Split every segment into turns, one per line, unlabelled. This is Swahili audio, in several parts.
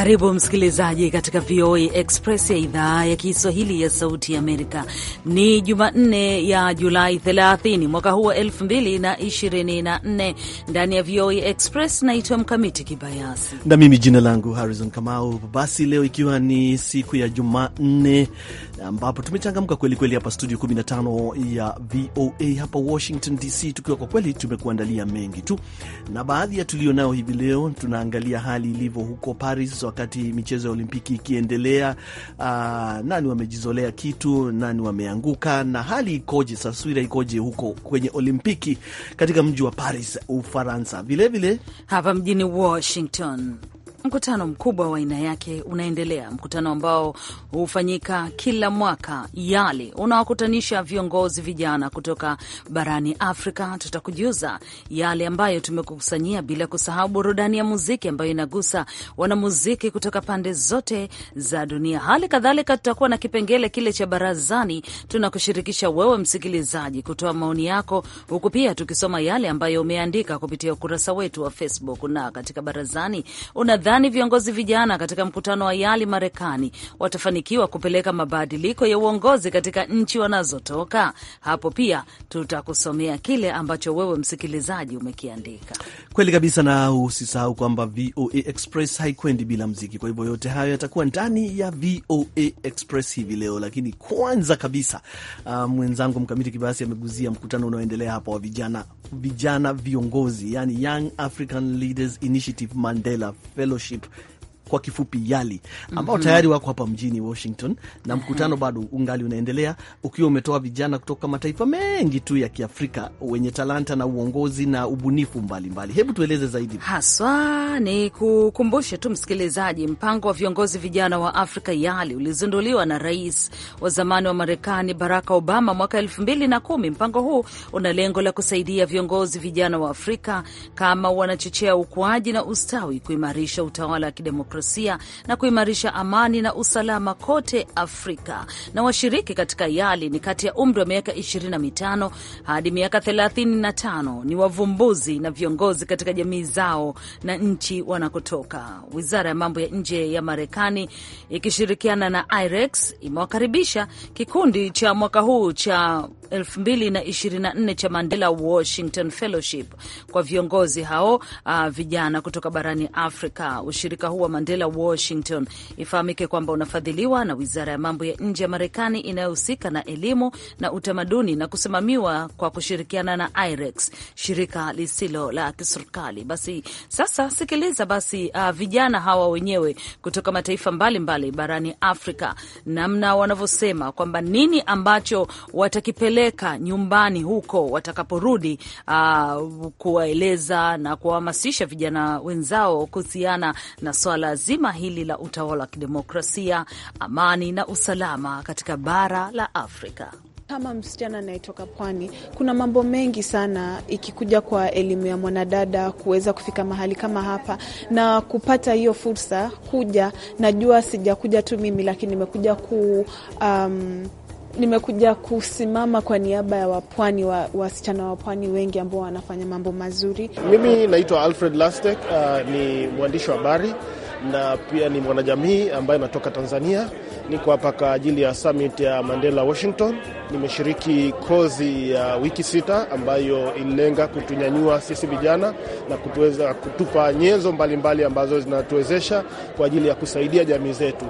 Karibu msikilizaji katika VOA Express ya idhaa ya Kiswahili ya Sauti ya Amerika. Ni Jumanne ya Julai 30 mwaka huu wa 2024. Ndani ya VOA Express naitwa Mkamiti Kibayasi
na mimi jina langu Harrison Kamau. Basi leo ikiwa ni siku ya Jumanne ambapo tumechangamka kwelikweli hapa studio 15 ya VOA hapa Washington DC, tukiwa kwa kweli tumekuandalia mengi tu, na baadhi ya tulio nayo hivi leo tunaangalia hali ilivyo huko Paris wakati michezo ya Olimpiki ikiendelea. Uh, nani wamejizolea kitu, nani wameanguka, na hali ikoje, taswira ikoje huko kwenye Olimpiki
katika mji wa Paris, Ufaransa? Vilevile hapa mjini Washington Mkutano mkubwa wa aina yake unaendelea, mkutano ambao hufanyika kila mwaka. YALI unawakutanisha viongozi vijana kutoka barani Afrika. Tutakujuza yale ambayo tumekusanyia, bila kusahau burudani ya muziki ambayo inagusa wanamuziki kutoka pande zote za dunia. Hali kadhalika, tutakuwa na kipengele kile cha barazani, tunakushirikisha wewe msikilizaji kutoa maoni yako, huku pia tukisoma yale ambayo umeandika kupitia ukurasa wetu wa Facebook na katika barazani una unadhani viongozi vijana katika mkutano wa YALI Marekani watafanikiwa kupeleka mabadiliko ya uongozi katika nchi wanazotoka? Hapo pia tutakusomea kile ambacho wewe msikilizaji umekiandika.
Kweli kabisa, na usisahau kwamba VOA Express haikwendi bila mziki. Kwa hivyo yote hayo yatakuwa ndani ya VOA Express hivi leo, lakini kwanza kabisa uh, mwenzangu Mkamiti Kibasi ameguzia mkutano unaoendelea hapa wa vijana, vijana viongozi, yani Young African Leaders Initiative Mandela Fellow fellowship kwa kifupi YALI ambao mm -hmm. tayari wako hapa mjini Washington na mkutano mm -hmm. bado ungali unaendelea ukiwa umetoa vijana kutoka mataifa mengi tu ya Kiafrika wenye talanta na uongozi na ubunifu mbalimbali mbali. Hebu tueleze zaidi
haswa. Ni kukumbushe tu msikilizaji, mpango wa viongozi vijana wa Afrika YALI ulizinduliwa na rais wa zamani wa Marekani Barack Obama mwaka elfu mbili na kumi. Mpango huu una lengo la kusaidia viongozi vijana wa Afrika kama wanachochea ukuaji na ustawi, kuimarisha utawala wa kidemokrasia demokrasia na kuimarisha amani na usalama kote Afrika. Na washiriki katika YALI ni kati ya umri wa miaka 25 hadi miaka 35, ni wavumbuzi na viongozi katika jamii zao na nchi wanakotoka. Wizara ya mambo ya nje ya Marekani ikishirikiana na IREX imewakaribisha kikundi cha mwaka huu cha 2024 cha Mandela Washington Fellowship kwa viongozi hao, uh, vijana kutoka barani Afrika. Ushirika huu wa Mandela Mandela Washington. Ifahamike kwamba unafadhiliwa na wizara ya mambo ya nje ya Marekani inayohusika na elimu na utamaduni na kusimamiwa kwa kushirikiana na IREX, shirika lisilo la kiserikali. Basi sasa sikiliza basi, uh, vijana hawa wenyewe kutoka mataifa mbalimbali mbali barani Afrika, namna wanavyosema kwamba nini ambacho watakipeleka nyumbani huko watakaporudi, uh, kuwaeleza na kuwahamasisha vijana wenzao kuhusiana na swala zima hili la utawala wa kidemokrasia, amani na usalama katika bara la Afrika. Kama msichana anayetoka pwani, kuna mambo mengi sana ikikuja kwa elimu ya mwanadada kuweza kufika mahali kama hapa na kupata hiyo fursa kuja. Najua sijakuja tu mimi, lakini nimekuja ku um, nimekuja kusimama kwa niaba ya wapwani wasichana wa pwani wengi ambao wanafanya mambo mazuri. Mimi
naitwa Alfred Lastek. Uh, ni mwandishi wa habari na pia ni mwanajamii ambaye anatoka Tanzania. Niko hapa kwa ajili ya summit ya Mandela Washington. Nimeshiriki kozi ya wiki sita ambayo ililenga kutunyanyua sisi vijana na kutuweza kutupa nyenzo mbalimbali ambazo zinatuwezesha kwa ajili ya kusaidia jamii zetu.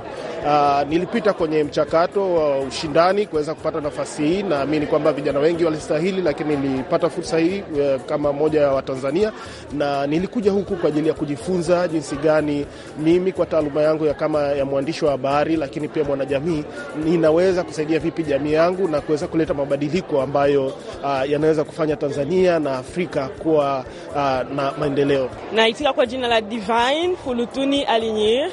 Uh, nilipita kwenye mchakato wa uh, ushindani kuweza kupata nafasi hii. Naamini kwamba vijana wengi walistahili, lakini nilipata fursa hii uh, kama moja wa Watanzania, na nilikuja huku kwa ajili ya kujifunza jinsi gani mimi kwa taaluma yangu ya kama ya mwandishi wa habari, lakini pia mwanajamii, ninaweza kusaidia vipi jamii yangu na kuweza kuleta mabadiliko ambayo uh, yanaweza kufanya Tanzania na Afrika kuwa uh, na maendeleo.
Naitika kwa jina la Divine Fulutuni Alinyir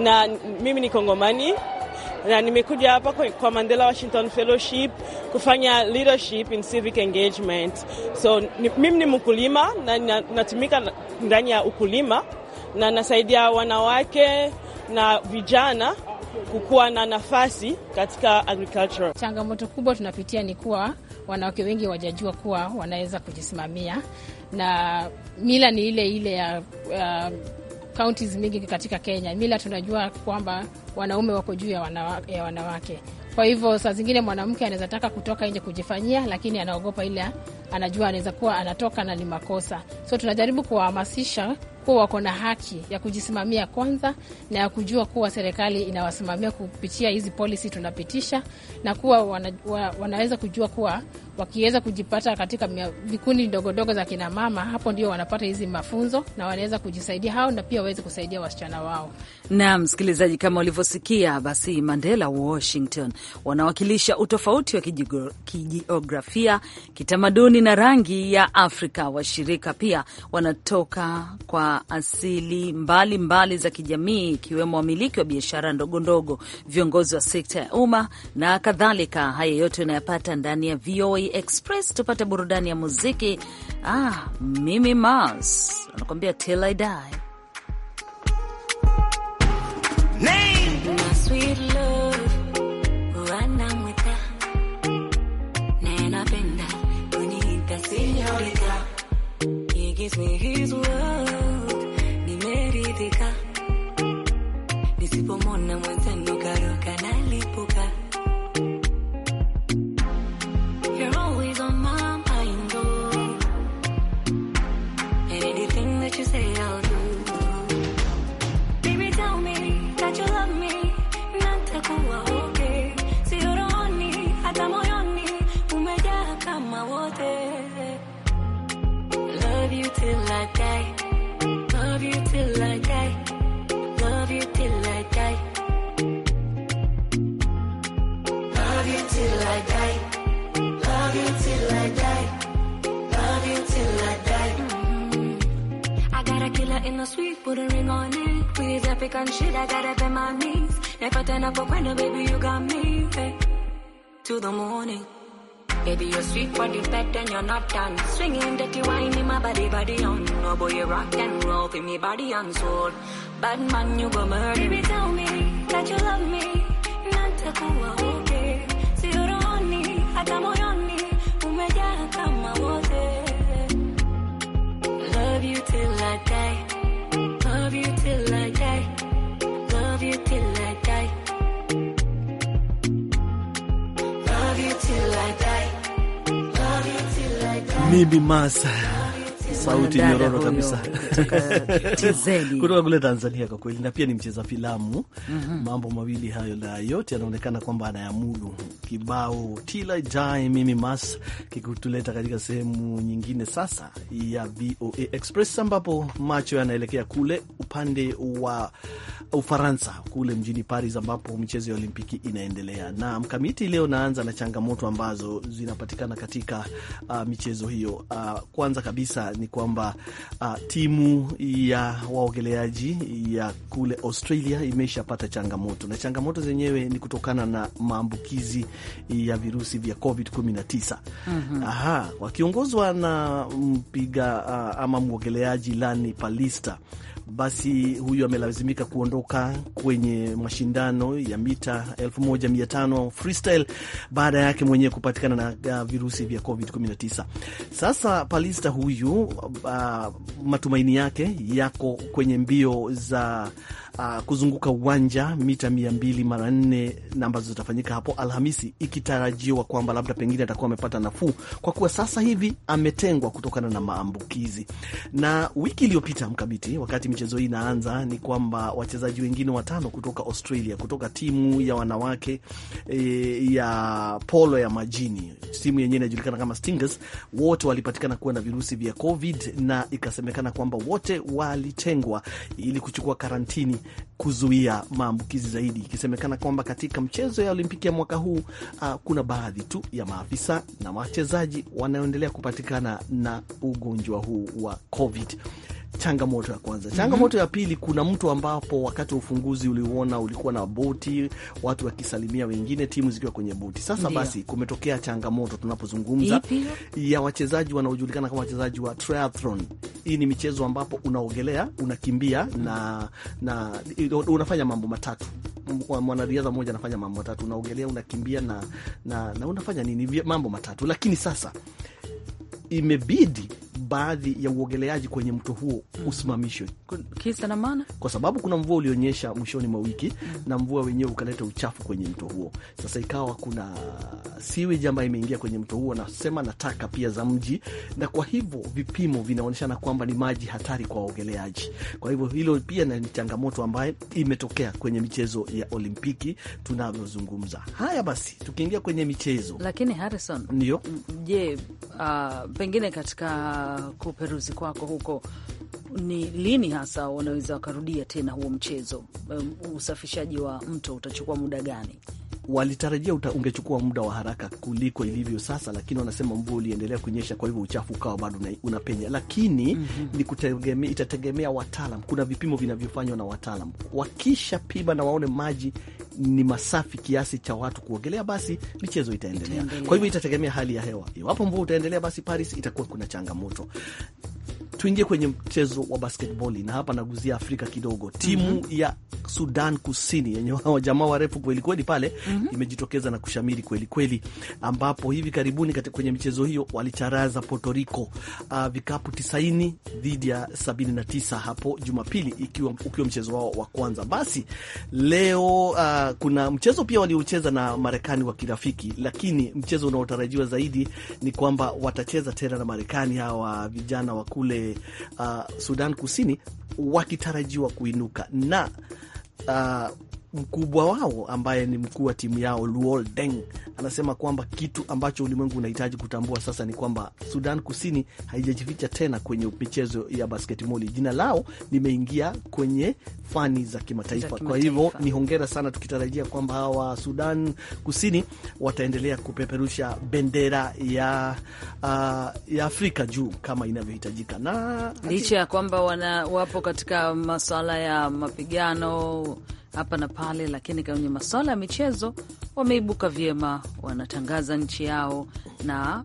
na mimi ni Kongomani na nimekuja hapa kwa Mandela Washington Fellowship kufanya leadership in civic engagement. So ni, mimi ni mkulima na natumika ndani ya ukulima na nasaidia
wanawake na vijana kukuwa na nafasi katika agriculture. Changamoto kubwa tunapitia ni kuwa wanawake wengi wajajua kuwa wanaweza kujisimamia, na mila ni ile ile ya uh, counties mingi katika Kenya, mila tunajua kwamba wanaume wako juu ya, wanawa, ya wanawake. Kwa hivyo saa zingine mwanamke anaweza taka kutoka nje kujifanyia, lakini anaogopa ile, anajua anaweza kuwa anatoka na ni makosa. So tunajaribu kuwahamasisha kuwa wako na haki ya kujisimamia kwanza na ya kujua kuwa serikali inawasimamia kupitia hizi polisi tunapitisha, na kuwa wana, wa, wanaweza kujua kuwa wakiweza kujipata katika vikundi ndogondogo za kinamama, hapo ndio wanapata hizi mafunzo na wanaweza kujisaidia hao na pia waweze kusaidia wasichana wao. Na msikilizaji, kama ulivyosikia, basi Mandela Washington wanawakilisha utofauti wa kijiografia, kitamaduni na rangi ya Afrika. Washirika pia wanatoka kwa asili mbalimbali mbali za kijamii ikiwemo wamiliki wa biashara ndogondogo, viongozi wa sekta ya umma na kadhalika. Haya yote unayapata ndani ya VOA Express. Tupate burudani ya muziki. Ah, Mimi Mars anakuambia till I die.
Name. my body, body on. Oh boy, you rock and roll, feel me body and soul. Bad man, you go murder. Baby, tell me that you love me. Natakuwa okay. Sio rohoni, hata moyoni. Umejaa kama wote. Love you till I die. Love you till I die. Love you till I die. Love you till I die. Love
you sauti nyororo kabisa kutoka kule Tanzania kwa kweli, na pia ni mcheza filamu mm -hmm. Mambo mawili hayo na yote yanaonekana kwamba anayamudu. Kibao tila jai mimi mas kikutuleta katika sehemu nyingine sasa ya VOA Express, ambapo macho yanaelekea kule upande wa Ufaransa kule mjini Paris, ambapo michezo ya Olimpiki inaendelea na mkamiti. Leo naanza na changamoto ambazo zinapatikana katika uh, michezo hiyo. Uh, kwanza kabisa ni kwamba uh, timu ya waogeleaji ya kule Australia imeshapata changamoto, na changamoto zenyewe ni kutokana na maambukizi ya virusi vya COVID-19. mm -hmm. wakiongozwa na mpiga uh, ama mwogeleaji Lani Palista basi huyu amelazimika kuondoka kwenye mashindano ya mita 1500 freestyle baada yake mwenyewe kupatikana na uh, virusi vya COVID-19. Sasa palista huyu uh, matumaini yake yako kwenye mbio za uh, kuzunguka uwanja mita mia mbili mara nne na ambazo zitafanyika hapo Alhamisi, ikitarajiwa kwamba labda pengine atakuwa amepata nafuu kwa kuwa sasa hivi ametengwa kutokana na maambukizi. Na wiki iliyopita mkabiti, wakati michezo hii inaanza, ni kwamba wachezaji wengine watano kutoka Australia, kutoka timu ya wanawake e, ya polo ya majini, timu yenyewe inajulikana kama Stingers, wote walipatikana kuwa na virusi vya COVID na ikasemekana kwamba wote walitengwa ili kuchukua karantini kuzuia maambukizi zaidi, ikisemekana kwamba katika mchezo ya Olimpiki ya mwaka huu uh, kuna baadhi tu ya maafisa na wachezaji wanaoendelea kupatikana na ugonjwa huu wa COVID changamoto ya kwanza. Changamoto mm -hmm. ya pili, kuna mtu ambapo wakati wa ufunguzi uliuona ulikuwa na boti, watu wakisalimia wengine, timu zikiwa kwenye boti. Sasa Ndiyo. basi kumetokea changamoto tunapozungumza ya wachezaji wanaojulikana kama wachezaji wa triathlon. Hii ni michezo ambapo unaogelea, unakimbia na, na unafanya mambo matatu mwanariadha mmoja anafanya mambo matatu, unaogelea, unakimbia na, na, na unafanya nini? Mambo matatu. Lakini sasa imebidi baadhi ya uogeleaji kwenye mto huo usimamishwe,
kisa na maana,
kwa sababu kuna mvua ulionyesha mwishoni mwa wiki mm. na mvua wenyewe ukaleta uchafu kwenye mto huo. Sasa ikawa kuna siwiji ambayo imeingia kwenye mto huo, nasema na taka pia za mji, na kwa hivyo vipimo vinaonyeshana kwamba ni maji hatari kwa waogeleaji. Kwa hivyo hilo pia ni changamoto ambayo imetokea kwenye michezo ya Olimpiki tunavyozungumza. Haya basi, tukiingia kwenye michezo,
lakini Harrison, ndio je, uh, pengine katika kuperuzi kwako huko, ni lini hasa wanaweza wakarudia tena huo mchezo? Um, usafishaji wa mto utachukua muda gani?
walitarajia uta ungechukua muda wa haraka kuliko ilivyo sasa, lakini wanasema mvua uliendelea kunyesha, kwa hivyo uchafu ukawa bado unapenya, lakini mm -hmm. ni kutegemea, itategemea wataalam. Kuna vipimo vinavyofanywa na wataalam, wakisha pima na waone maji ni masafi kiasi cha watu kuogelea, basi michezo itaendelea. Kwa hivyo itategemea hali ya hewa. Iwapo mvua utaendelea, basi Paris itakuwa kuna changamoto. Tuingie kwenye mchezo wa basketball, na hapa naguzia Afrika kidogo. Timu mm -hmm. ya Sudan Kusini yenye jamaa warefu kwelikweli pale mm -hmm. imejitokeza na kushamiri kwelikweli, ambapo hivi karibuni kwenye michezo hiyo walicharaza Puerto Rico uh, vikapu 90 dhidi ya 79 hapo Jumapili, ikiwa ukiwa mchezo wao wa kwanza. Basi leo uh, kuna mchezo pia waliocheza na Marekani wa kirafiki, lakini mchezo unaotarajiwa zaidi ni kwamba watacheza tena na Marekani hawa vijana wa kule uh, Sudan Kusini wakitarajiwa kuinuka na 啊。mkubwa wao ambaye ni mkuu wa timu yao Luol Deng anasema kwamba kitu ambacho ulimwengu unahitaji kutambua sasa ni kwamba Sudan Kusini haijajificha tena kwenye michezo ya basketmoli Jina lao limeingia kwenye fani za kimataifa kima. Kwa hivyo ni hongera sana, tukitarajia kwamba hawa Sudan Kusini wataendelea kupeperusha bendera ya, uh, ya Afrika juu kama inavyohitajika, na licha
ya kwamba wapo katika masuala ya mapigano hapa na pale, lakini kwenye masuala ya michezo wameibuka vyema, wanatangaza nchi yao na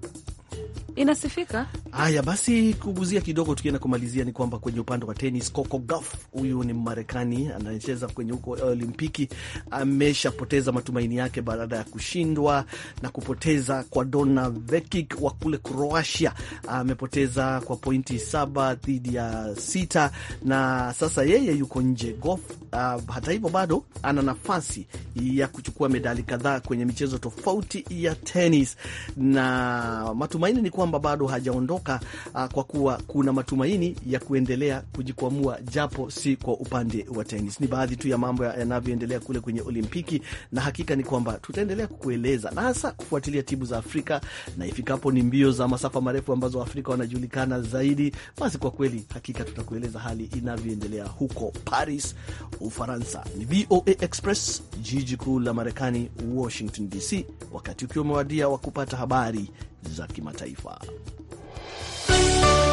inasifika.
Haya basi, kuguzia kidogo, tukienda kumalizia, ni kwamba kwenye upande wa tenis, Coco Gauff huyu ni Marekani anayecheza kwenye huko Olimpiki, ameshapoteza matumaini yake baada ya kushindwa na kupoteza kwa Dona Vekic wa kule Croatia. Amepoteza kwa pointi saba dhidi ya sita na sasa yeye yuko nje. Gauff uh, hata hivyo bado ana nafasi ya kuchukua medali kadhaa kwenye michezo tofauti ya tenis na matumaini ni kwa kwamba bado hajaondoka uh, kwa kuwa kuna matumaini ya kuendelea kujikwamua japo si kwa upande wa tenis. Ni baadhi tu ya mambo yanavyoendelea kule kwenye Olimpiki, na hakika ni kwamba tutaendelea kukueleza na hasa kufuatilia timu za Afrika, na ifikapo ni mbio za masafa marefu ambazo Waafrika wanajulikana zaidi, basi kwa kweli hakika tutakueleza hali inavyoendelea huko Paris, Ufaransa. Ni VOA Express, jiji kuu la Marekani, Washington DC, wakati ukiwa umewadia wa kupata habari za kimataifa sawa.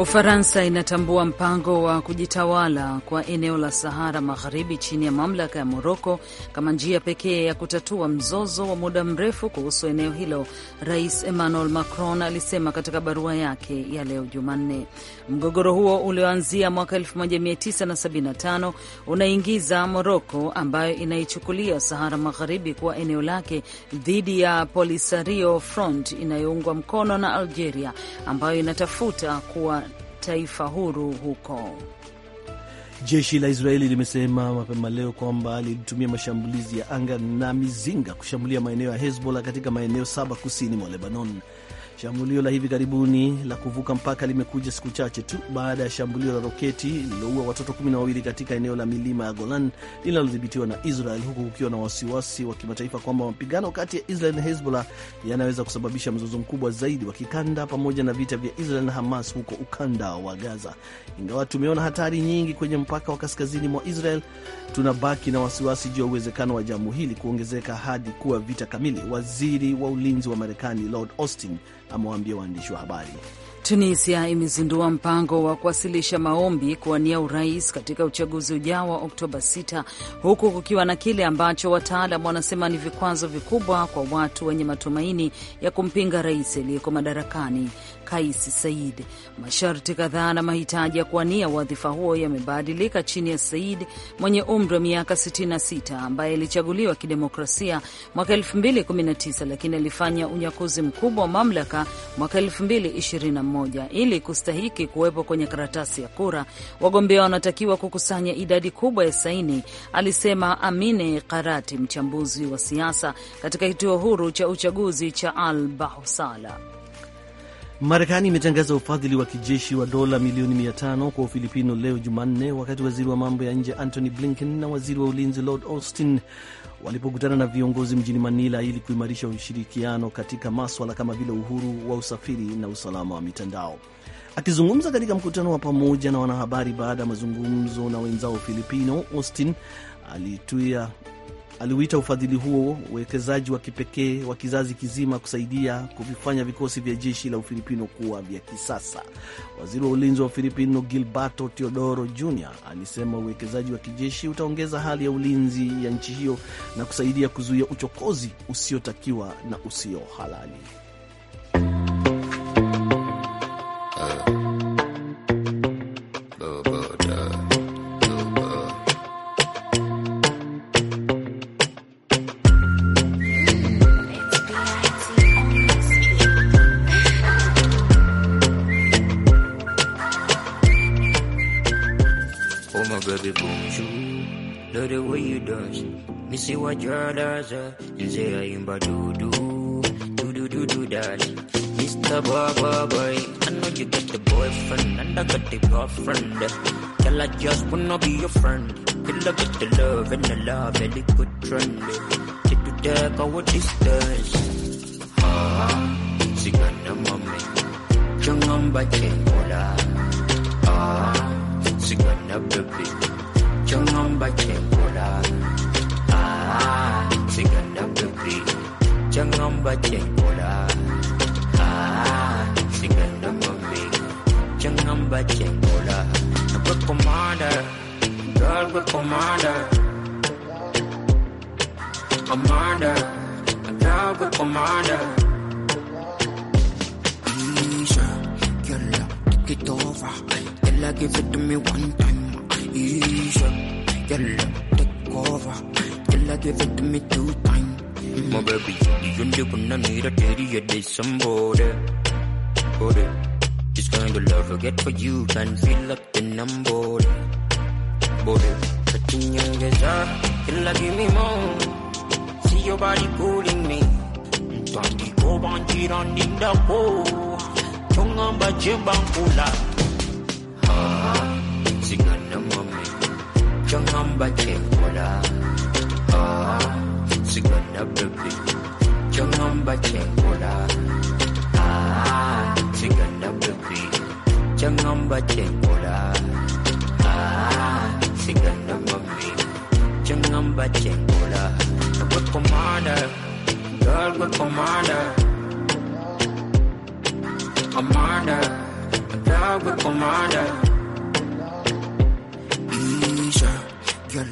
Ufaransa inatambua mpango wa kujitawala kwa eneo la Sahara Magharibi chini ya mamlaka ya Moroko kama njia pekee ya kutatua mzozo wa muda mrefu kuhusu eneo hilo, Rais Emmanuel Macron alisema katika barua yake ya leo Jumanne. Mgogoro huo ulioanzia mwaka 1975 unaingiza Moroko ambayo inaichukulia Sahara Magharibi kuwa eneo lake dhidi ya Polisario Front inayoungwa mkono na Algeria ambayo inatafuta kuwa taifa huru huko.
Jeshi la Israeli limesema mapema leo kwamba lilitumia mashambulizi ya anga na mizinga kushambulia maeneo ya Hezbollah katika maeneo saba kusini mwa Lebanon. Shambulio la hivi karibuni la kuvuka mpaka limekuja siku chache tu baada ya shambulio la roketi lililoua watoto kumi na wawili katika eneo la milima ya Golan linalodhibitiwa na Israel, huku kukiwa na wasiwasi wa kimataifa kwamba mapigano kati ya Israel na Hezbollah yanaweza kusababisha mzozo mkubwa zaidi wa kikanda pamoja na vita vya Israel na Hamas huko ukanda wa Gaza. Ingawa tumeona hatari nyingi kwenye mpaka wa kaskazini mwa Israel, tunabaki na wasiwasi juu ya uwezekano wa jambo hili kuongezeka hadi kuwa vita kamili,
waziri wa ulinzi wa Marekani Lord Austin amewaambia waandishi wa habari. Tunisia imezindua mpango wa kuwasilisha maombi kuwania urais katika uchaguzi ujao wa Oktoba 6 huku kukiwa na kile ambacho wataalam wanasema ni vikwazo vikubwa kwa watu wenye matumaini ya kumpinga rais aliyeko madarakani. Kais Said. Masharti kadhaa na mahitaji ya kuwania wadhifa huo yamebadilika chini ya Said mwenye umri wa miaka 66 ambaye alichaguliwa kidemokrasia mwaka 2019 lakini alifanya unyakuzi mkubwa wa mamlaka mwaka 2021. Ili kustahiki kuwepo kwenye karatasi ya kura, wagombea wanatakiwa kukusanya idadi kubwa ya saini, alisema Amine Karati, mchambuzi wa siasa katika kituo huru cha uchaguzi cha Al Bahusala.
Marekani imetangaza ufadhili wa kijeshi wa dola milioni mi5 kwa Ufilipino leo Jumanne, wakati waziri wa mambo ya nje Antony Blinken na waziri wa ulinzi Lord Austin walipokutana na viongozi mjini Manila ili kuimarisha ushirikiano katika maswala kama vile uhuru wa usafiri na usalama wa mitandao. Akizungumza katika mkutano wa pamoja na wanahabari baada ya mazungumzo na wenzao Filipino, Austin alituia Aliuita ufadhili huo uwekezaji wa kipekee wa kizazi kizima kusaidia kuvifanya vikosi vya jeshi la Ufilipino kuwa vya kisasa. Waziri wa ulinzi wa Ufilipino Gilberto Teodoro Jr alisema uwekezaji wa kijeshi utaongeza hali ya ulinzi ya nchi hiyo na kusaidia kuzuia uchokozi usiotakiwa na usio halali.
majalasa nzira imba dudu dudu dudu dali Mr. Baba Boy I know you got the boyfriend and I got the girlfriend Tell I just wanna be your friend Fill up get the love and the love and the good trend To do that our distance Ah, sigana mami Jangan baca bola Ah, sigana baby Jangan baca bola Bri Jangan bajai bola Ah, si gendam Bri Jangan bajai bola Gue commander Girl, gue commander Commander Girl, gue commander Amnesia Yalla, take it over Yalla, give it to me one time Amnesia Yalla, take over Yalla, give it to me two times my baby, yönde buna mira teriye de somebody. Body. This kind of love I get for you can fill up the number. Body. Touching your desire, can like give me more. See your body pulling me. Tandi ko banji randi da ko. Tunga ba jebang kula. Ah, sigana mami. Jangan baca bola. 찍었나 baby 경험받진 거라 아 찍었나 baby 경험받진 거라 아 찍었나 mommy 경험받진 거라 good commander girl good commander commander girl good commander Isha, your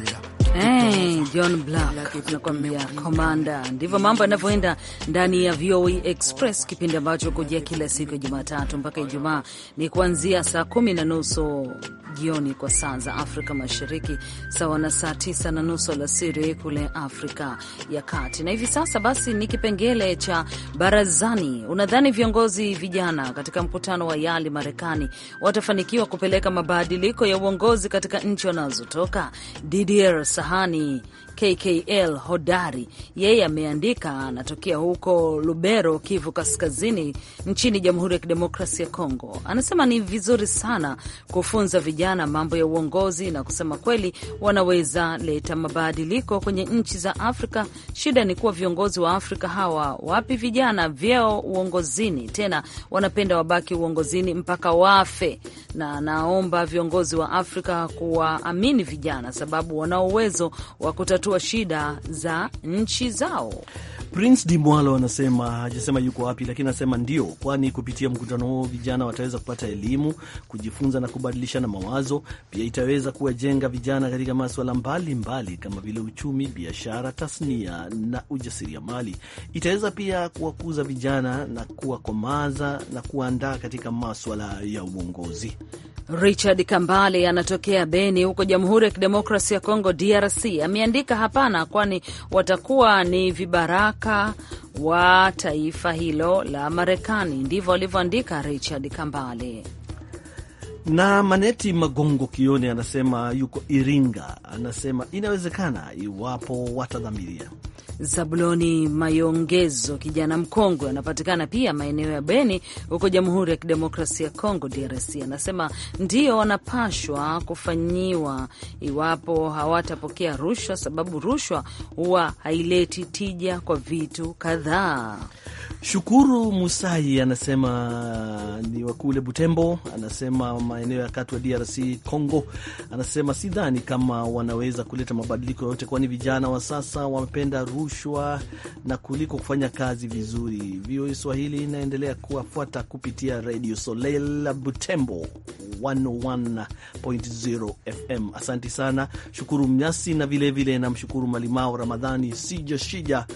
Hey, John Black tunakwambia Komanda. Ndivyo mambo yanavyoenda ndani ya VOA e Express, kipindi ambacho kujia kila siku ya Jumatatu mpaka Ijumaa ni kuanzia saa kumi na nusu jioni kwa saa za Afrika Mashariki, sawa na saa tisa na nusu alasiri kule Afrika ya Kati. Na hivi sasa basi ni kipengele cha barazani. Unadhani viongozi vijana katika mkutano wa YALI Marekani watafanikiwa kupeleka mabadiliko ya uongozi katika nchi wanazotoka? Didier Sahani KKL Hodari, yeye ameandika, anatokea huko Lubero, Kivu Kaskazini, nchini Jamhuri ya kidemokrasi ya Kongo. Anasema ni vizuri sana kufunza vijana mambo ya uongozi, na kusema kweli wanaweza leta mabadiliko kwenye nchi za Afrika. Shida ni kuwa viongozi wa Afrika hawa wapi vijana vyeo uongozini, tena wanapenda wabaki uongozini mpaka wafe, na naomba viongozi wa Afrika kuwaamini vijana, sababu wanao uwezo wa kutatua kutatua shida za nchi zao.
Prince Dimwalo anasema hajasema yuko wapi, lakini anasema ndio, kwani kupitia mkutano huo vijana wataweza kupata elimu, kujifunza na kubadilishana mawazo. Pia itaweza kuwajenga vijana katika maswala mbalimbali kama vile uchumi, biashara, tasnia na ujasiriamali. Itaweza pia kuwakuza vijana na kuwakomaza na kuandaa katika maswala ya uongozi.
Richard Kambale anatokea Beni huko Jamhuri ya Kidemokrasi ya Kongo, DRC, ameandika hapana, kwani watakuwa ni vibaraka wa taifa hilo la Marekani. Ndivyo alivyoandika Richard Kambale
na Maneti Magongo kioni anasema yuko Iringa, anasema
inawezekana iwapo watadhamiria. Zabuloni Mayongezo, kijana mkongwe, anapatikana pia maeneo ya Beni huko Jamhuri ya Kidemokrasia ya Kongo, DRC, anasema ndio wanapashwa kufanyiwa iwapo hawatapokea rushwa, sababu rushwa huwa haileti tija kwa vitu kadhaa.
Shukuru Musai anasema ni wa kule Butembo, anasema maeneo ya kati wa DRC Congo, anasema sidhani kama wanaweza kuleta mabadiliko yote, kwani vijana wa sasa wamependa rushwa na kuliko kufanya kazi vizuri. VOA Swahili inaendelea kuwafuata kupitia Radio Soleil Butembo 101.0 FM. Asanti sana Shukuru Mnyasi na vilevile namshukuru Malimao Ramadhani Sija Shija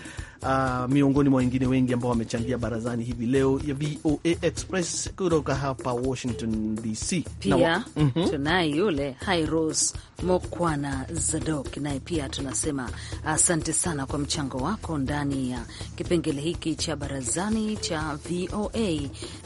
uh, miongoni mwa wengine wengi ambao wamechangia barazani hivi leo ya VOA Express kutoka hapa Washington DC. Pia wa, mm
-hmm. tunaye yule Hairos Mokwana Zadok, naye pia tunasema asante uh, sana kwa mchango wako ndani ya kipengele hiki cha barazani cha VOA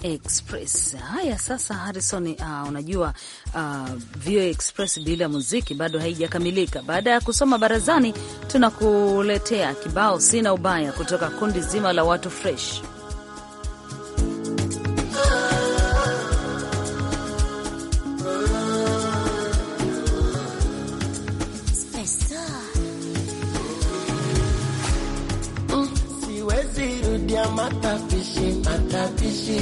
Express. Haya sasa, Harrison, uh, unajua uh, ah, VOA Express bila muziki bado haijakamilika. Baada ya kusoma barazani, tunakuletea kibao sina ubaya Kenya kutoka kundi zima la watu fresh.
Matapishi, matapishi.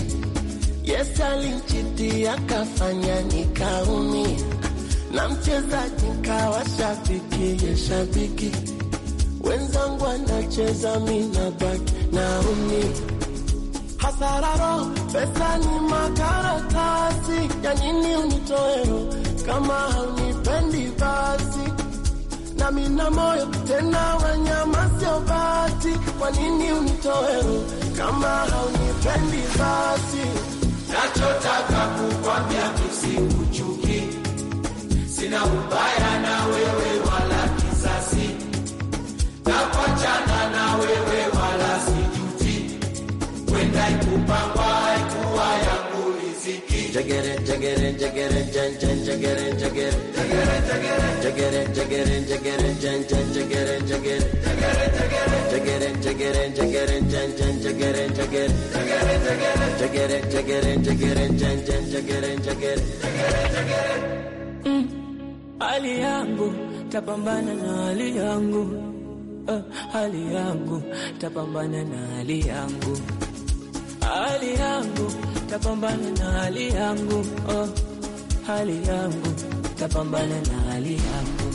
Yes, alinchitia kafanya nikaumia, na mchezaji kawa shabiki, yes, shabiki nacheza mina baki naumia, hasara pesa ni makaratasi ya nini unitoero kama haunipendi basi, na mina moyo tena wanyama sio bati, kwa nini unitoero kama haunipendi basi jagger it, jagger it, jagger it, jan jan jagger it, jagger it, jagger it, jagger it, jagger it, jagger it, jan jan jagger it, jagger it, jagger it, jagger it, jagger it, jagger it, jan jan jagger it, jagger it, jagger it, jagger it, jagger it, jagger it, jan jan jagger it, jagger it, jagger
it. Hali yangu tapambana na hali yangu, hali yangu tapambana na hali yangu, hali yangu tapambana na hali yangu, oh, hali yangu, tapambana na hali yangu.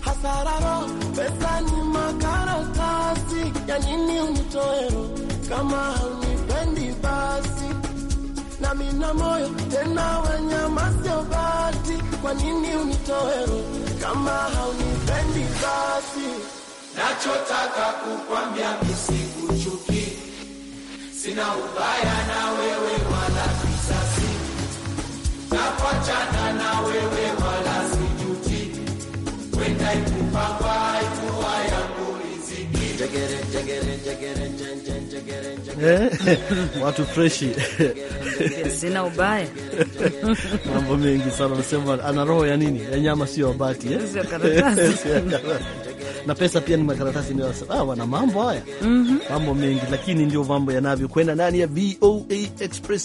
Hasararo pesa ni makaratasi ya nini umtoero kama unipendi basi na mina moyo tena wanyama sio bati. Kwa nini unitoero kama haunipendi basi? Nachotaka kukwambia misikuchuki Sina ubaya na wewe wala kisasi, napochana na wewe wala sijuti, wenda ikupamba haikuwa yangu
eh, watu freshi
sina ubaya
mambo mengi sana, anasema ana roho ya nini ya nyama, sio abati, eh? sio karatasi na pesa pia ni makaratasi ndio. Ah, wana mambo haya mm -hmm. Mambo mengi, lakini ndio mambo yanavyokwenda ndani ya VOA Express.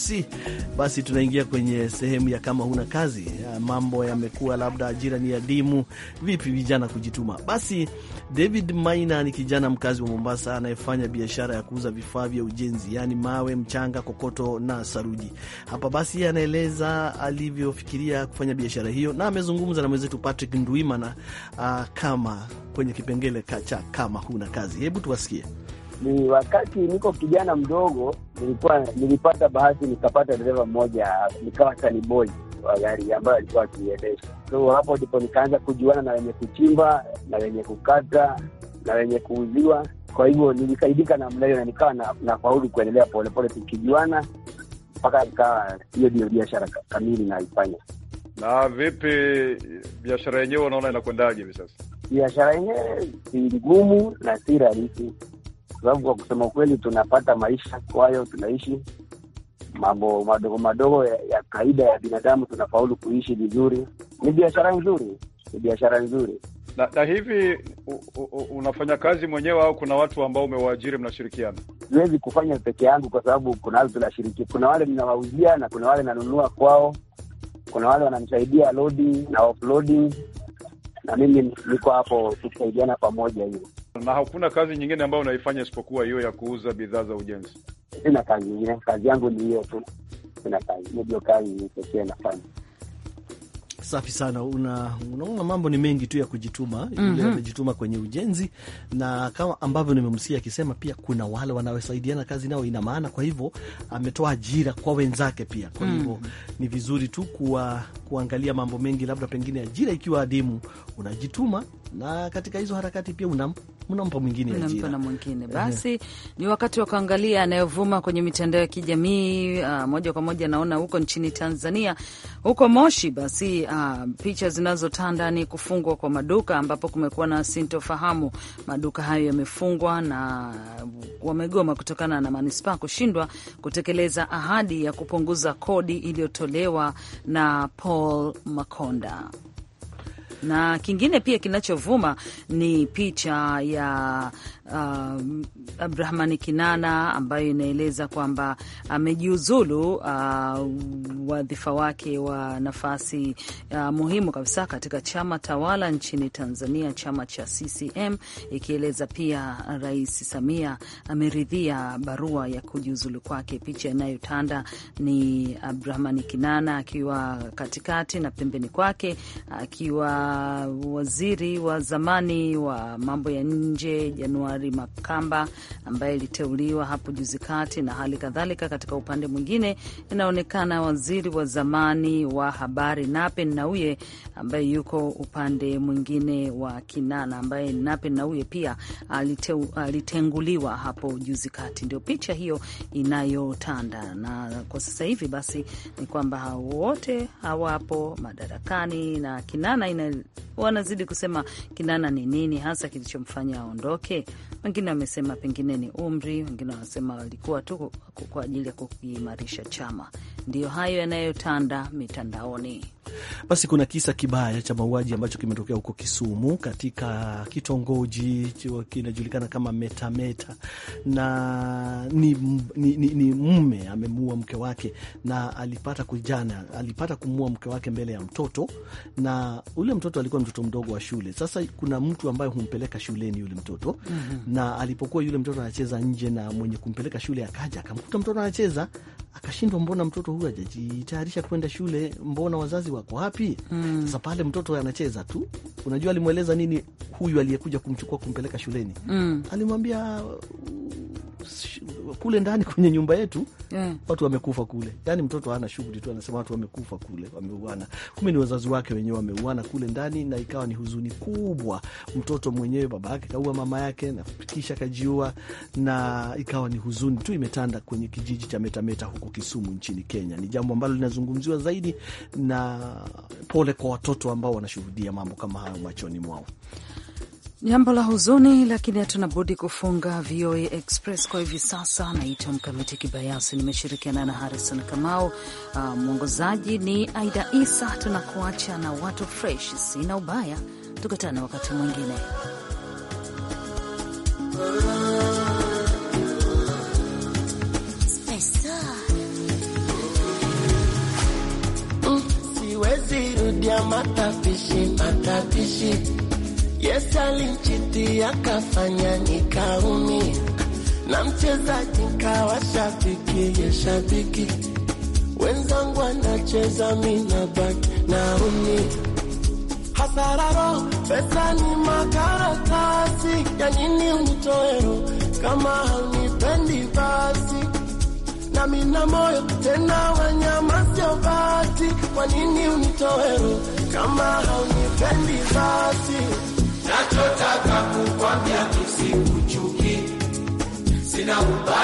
Basi tunaingia kwenye sehemu ya kama huna kazi, mambo yamekuwa labda ajira ni adimu, vipi vijana kujituma. Basi David Maina ni kijana mkazi wa Mombasa anayefanya biashara ya kuuza vifaa vya ujenzi, yani mawe, mchanga, kokoto na saruji. Hapa basi anaeleza alivyofikiria kufanya biashara hiyo na amezungumza na mwenzetu Patrick Ndwimana uh, kama kwenye kipengele cha kama huna kazi. Hebu tuwasikie.
Ni wakati niko kijana mdogo, nilikuwa nilipata bahati nikapata dereva mmoja, nikawa taniboi wa gari ambayo alikuwa akiendesha. So hapo ndipo nikaanza kujuana na wenye kuchimba na wenye kukata na wenye kuuziwa. Kwa hivyo nilisaidika namna hiyo na nikawa na, na faulu kuendelea polepole tukijuana mpaka ikawa hiyo ndio biashara kamili naifanya. Na vipi biashara yenyewe, unaona inakwendaje hivi sasa? biashara yenyewe si ngumu na si rahisi, sababu kwa kusema kweli tunapata maisha kwayo, tunaishi mambo madogo madogo ya, ya kawaida ya binadamu, tunafaulu kuishi vizuri. Ni biashara nzuri, ni biashara nzuri. Na, na hivi u, u, unafanya kazi mwenyewe au kuna watu ambao umewaajiri mnashirikiana? Siwezi kufanya peke yangu kwa sababu kuna wale tunashiriki, kuna wale ninawauzia na kuna wale nanunua kwao, kuna wale wananisaidia loading na offloading na mimi niko hapo kusaidiana pamoja hiyo. Na hakuna kazi nyingine ambayo unaifanya isipokuwa hiyo ya kuuza bidhaa za ujenzi? Sina kazi nyingine, kazi yangu ni hiyo tu, sina kazi hiyo, ndio kazi pekee nafanya.
Safi sana. Unaona, una mambo ni mengi tu ya kujituma. Yule mm -hmm. amejituma kwenye ujenzi, na kama ambavyo nimemsikia akisema, pia kuna wale wanaosaidiana kazi nao, ina maana, kwa hivyo ametoa ajira kwa wenzake pia. Kwa hivyo mm. ni vizuri tu kuwa, kuangalia mambo mengi, labda pengine ajira ikiwa adimu, unajituma
na katika hizo harakati pia unam
mnampa mwingine mnampa na
mwingine basi. Ehe, ni wakati wa kuangalia anayovuma kwenye mitandao ya kijamii uh, moja kwa moja naona huko nchini Tanzania, huko Moshi. Basi uh, picha zinazotanda ni kufungwa kwa maduka ambapo kumekuwa na sintofahamu. Maduka hayo yamefungwa na wamegoma kutokana na manispaa kushindwa kutekeleza ahadi ya kupunguza kodi iliyotolewa na Paul Makonda na kingine pia kinachovuma ni picha ya uh, Abdrahmani Kinana ambayo inaeleza kwamba amejiuzulu uh, wadhifa wake wa nafasi uh, muhimu kabisa katika chama tawala nchini Tanzania, chama cha CCM, ikieleza pia Rais Samia ameridhia barua ya kujiuzulu kwake. Picha inayotanda ni Abdrahmani Kinana akiwa katikati na pembeni kwake akiwa waziri wa zamani wa mambo ya nje Januari Bakari Makamba ambaye iliteuliwa hapo juzi kati, na hali kadhalika, katika upande mwingine inaonekana waziri wa zamani wa habari Nape Nnauye ambaye yuko upande mwingine wa Kinana, ambaye Nape Nnauye pia alitenguliwa hapo juzi kati. Ndio picha hiyo inayotanda, na kwa sasa hivi basi ni kwamba wote hawapo madarakani na Kinana ina, wanazidi kusema Kinana ni nini hasa kilichomfanya aondoke. Wengine wamesema pengine ni umri, wengine wanasema walikuwa tu kwa ajili ya kukiimarisha chama. Ndiyo hayo yanayotanda mitandaoni.
Basi kuna kisa kibaya cha mauaji ambacho kimetokea huko Kisumu katika kitongoji kinajulikana kama Metameta Meta. Na ni, ni, ni, ni mume amemuua mke wake na alipata kujana, alipata kumuua mke wake mbele ya mtoto, na ule mtoto alikuwa mtoto mdogo wa shule. Sasa kuna mtu ambaye humpeleka shuleni yule mtoto mm -hmm. na alipokuwa yule mtoto anacheza nje na mwenye kumpeleka shule akaja akamkuta mtoto anacheza, akashindwa, mbona mtoto huyu hajajitayarisha kwenda shule, mbona wazazi wako wapi? Mm. Sasa pale mtoto anacheza tu, unajua alimweleza nini huyu aliyekuja kumchukua kumpeleka shuleni? Mm. Alimwambia kule ndani kwenye nyumba yetu mm. watu wamekufa kule, yani mtoto hana shughuli tu, anasema watu wamekufa kule, wameuana. Kumbe ni wazazi wake wenyewe wameuana kule ndani, na ikawa ni huzuni kubwa. Mtoto mwenyewe baba yake kaua mama yake na kisha kajiua, na ikawa ni huzuni tu imetanda kwenye kijiji cha Metameta huko Kisumu nchini Kenya. Ni jambo ambalo linazungumziwa zaidi, na pole kwa watoto ambao wanashuhudia mambo kama hayo machoni mwao.
Jambo la huzuni, lakini hatuna budi kufunga VOA Express kwa hivi sasa. Naitwa Mkamiti Kibayasi, nimeshirikiana na Harrison Kamau. Uh, mwongozaji ni Aida Isa. Tunakuacha na watu fresh, sina ubaya, tukutane wakati mwingine.
Siwezi rudia matapishi matapishi Yesu alinchitia kafanya nikaumia, na mchezaji nkawa shabiki ye shabiki, wenzangu anacheza mina baki naumia. Hasararo pesa ni makaratasi ya nini unitoero kama haunipendi basi na mina moyo tena wanyama sio bati, kwa nini unitoero kama haunipendi basi nachotaka kukwambia, nisikuchuki, sina ubaya